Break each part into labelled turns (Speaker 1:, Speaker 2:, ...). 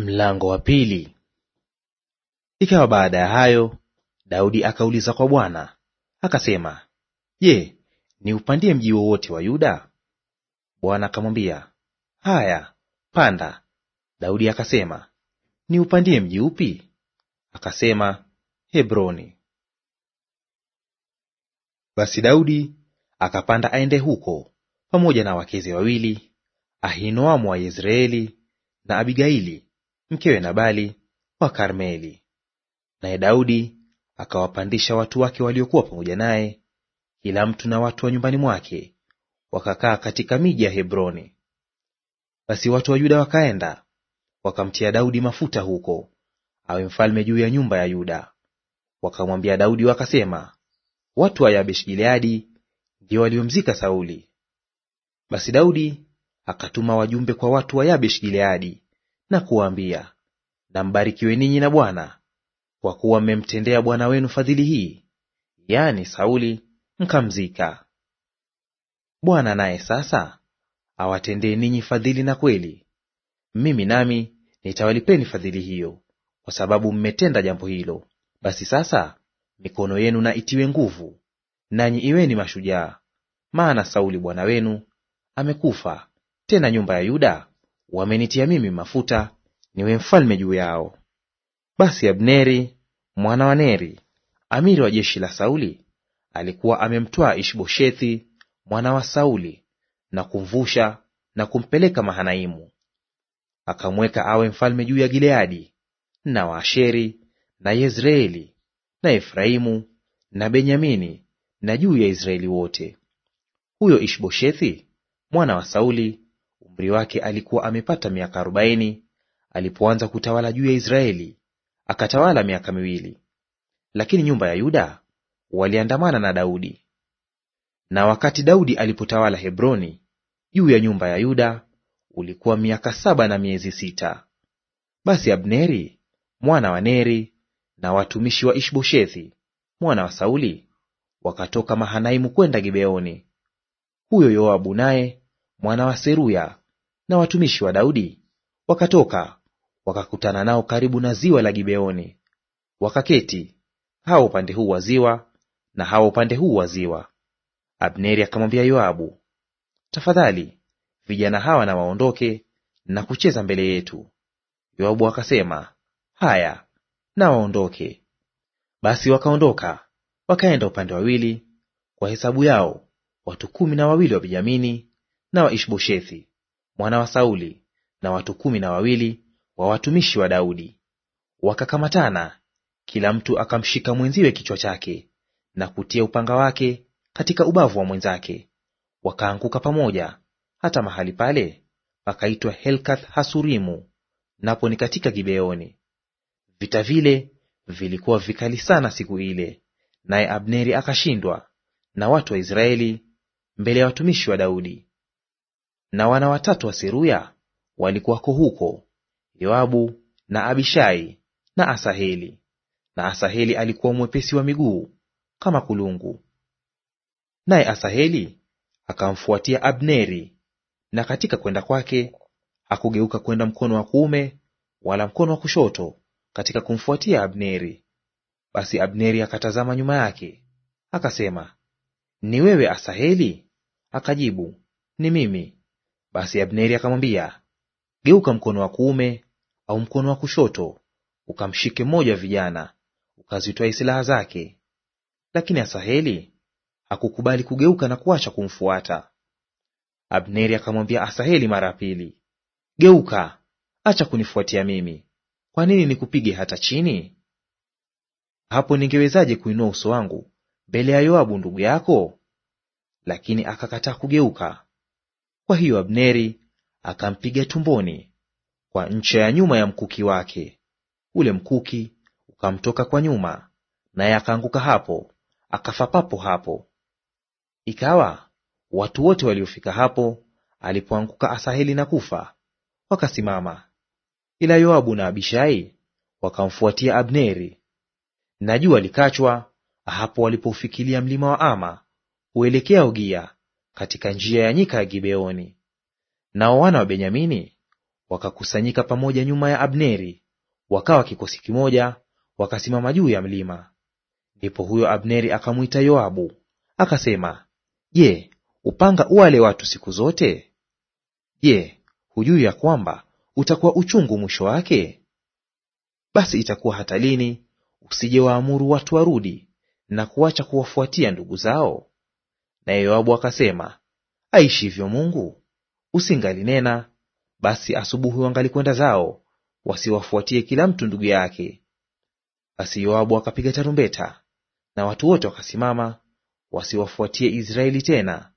Speaker 1: Mlango wa pili. Ikawa baada ya hayo, Daudi akauliza kwa Bwana akasema, Je, niupandie mji wowote wa Yuda? Bwana akamwambia, Haya, panda. Daudi akasema, niupandie mji upi? Akasema, Hebroni. Basi Daudi akapanda aende huko pamoja na wakeze wawili, Ahinoamu wa Yezreeli na Abigaili mkewe Nabali wa Karmeli. Naye Daudi akawapandisha watu wake waliokuwa pamoja naye, kila mtu na watu wa nyumbani mwake, wakakaa katika miji ya Hebroni. Basi watu wa Yuda wakaenda wakamtia Daudi mafuta huko awe mfalme juu ya nyumba ya Yuda. Wakamwambia Daudi wakasema, watu wa Yabesh Gileadi ndio waliomzika Sauli. Basi Daudi akatuma wajumbe kwa watu wa Yabesh Gileadi na kuwaambia, na mbarikiwe ninyi na Bwana, kwa kuwa mmemtendea bwana wenu fadhili hii, yaani Sauli, mkamzika. Bwana naye sasa awatendee ninyi fadhili na kweli, mimi nami nitawalipeni fadhili hiyo, kwa sababu mmetenda jambo hilo. Basi sasa mikono yenu na itiwe nguvu, nanyi iweni mashujaa, maana Sauli bwana wenu amekufa, tena nyumba ya Yuda wamenitia mimi mafuta niwe mfalme juu yao. Basi Abneri mwana wa Neri, amiri wa jeshi la Sauli, alikuwa amemtwaa Ishboshethi mwana wa Sauli na kumvusha na kumpeleka Mahanaimu. Akamweka awe mfalme juu ya Gileadi na Waasheri na Yezreeli na Efraimu na Benyamini na juu ya Israeli wote. Huyo Ishboshethi mwana wa Sauli umri wake alikuwa amepata miaka arobaini alipoanza kutawala juu ya Israeli, akatawala miaka miwili. Lakini nyumba ya Yuda waliandamana na Daudi. Na wakati Daudi alipotawala Hebroni juu ya nyumba ya Yuda ulikuwa miaka saba na miezi sita. Basi Abneri mwana wa Neri na watumishi wa Ishboshethi mwana wa Sauli wakatoka Mahanaimu kwenda Gibeoni. Huyo Yoabu naye mwana wa Seruya na watumishi wa Daudi wakatoka wakakutana nao karibu na ziwa la Gibeoni. Wakaketi hao upande huu wa ziwa na hao upande huu wa ziwa. Abneri akamwambia Yoabu, tafadhali vijana hawa na waondoke na kucheza mbele yetu. Yoabu akasema, haya, na waondoke. Basi wakaondoka wakaenda upande wawili, kwa hesabu yao watu kumi na wawili wa Benyamini na wa Ishboshethi mwana wa Sauli na watu kumi na wawili wa watumishi wa Daudi. Wakakamatana, kila mtu akamshika mwenziwe kichwa chake na kutia upanga wake katika ubavu wa mwenzake, wakaanguka pamoja. Hata mahali pale pakaitwa Helkath Hasurimu, napo ni katika Gibeoni. Vita vile vilikuwa vikali sana siku ile, naye Abneri akashindwa na watu wa Israeli mbele ya watumishi wa Daudi. Na wana watatu wa Seruya walikuwako huko, Yoabu na Abishai na Asaheli. Na Asaheli alikuwa mwepesi wa miguu kama kulungu. Naye Asaheli akamfuatia Abneri, na katika kwenda kwake hakugeuka kwenda mkono wa kuume wala mkono wa kushoto katika kumfuatia Abneri. Basi Abneri akatazama nyuma yake, akasema, ni wewe Asaheli? Akajibu, ni mimi. Basi Abneri akamwambia, geuka mkono wa kuume au mkono wa kushoto, ukamshike mmoja wa vijana, ukazitwaa silaha zake. Lakini Asaheli hakukubali kugeuka na kuacha kumfuata. Abneri akamwambia Asaheli mara ya pili, geuka, acha kunifuatia mimi. Kwa nini nikupige hata chini? Hapo ningewezaje kuinua uso wangu mbele ya Yoabu ndugu yako? Lakini akakataa kugeuka, kwa hiyo Abneri akampiga tumboni kwa ncha ya nyuma ya mkuki wake. Ule mkuki ukamtoka kwa nyuma, naye akaanguka hapo, akafa papo hapo. Ikawa watu wote waliofika hapo alipoanguka Asaheli na kufa, wakasimama. Ila Yoabu na Abishai wakamfuatia Abneri, na jua likachwa hapo walipoufikilia mlima wa Ama kuelekea Ogia, katika njia ya nyika ya Gibeoni. Nao wana wa Benyamini wakakusanyika pamoja nyuma ya Abneri, wakawa kikosi kimoja, wakasimama juu ya mlima. Ndipo huyo Abneri akamwita Yoabu akasema, Je, upanga uwale watu siku zote? Je, hujui ya kwamba utakuwa uchungu mwisho wake? Basi itakuwa hata lini usije waamuru watu warudi na kuacha kuwafuatia ndugu zao? Naye Yoabu akasema, aishivyo Mungu, usingalinena basi asubuhi wangalikwenda zao, wasiwafuatie kila mtu ndugu yake. Basi Yoabu akapiga tarumbeta, na watu wote wakasimama, wasiwafuatie Israeli tena,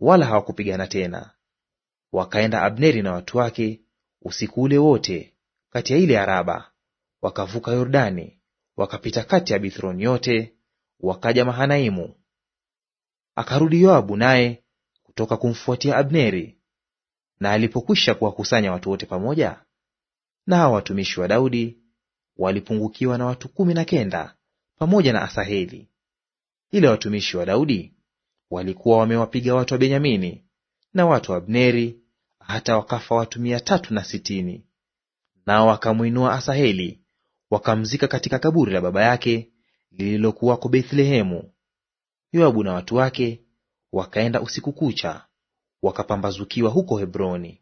Speaker 1: wala hawakupigana tena. Wakaenda Abneri na watu wake usiku ule wote kati ya ile Araba, wakavuka Yordani, wakapita kati ya Bithroni yote, wakaja Mahanaimu, Akarudi Yoabu naye kutoka kumfuatia Abneri. Na alipokwisha kuwakusanya watu wote pamoja, na hawa watumishi wa Daudi walipungukiwa na watu kumi na kenda pamoja na Asaheli. Ila watumishi wa Daudi walikuwa wamewapiga watu wa Benyamini na watu wa Abneri hata wakafa watu mia tatu na sitini. Nao wakamwinua Asaheli wakamzika katika kaburi la baba yake lililokuwako Bethlehemu, Yoabu na watu wake wakaenda usiku kucha, wakapambazukiwa huko Hebroni.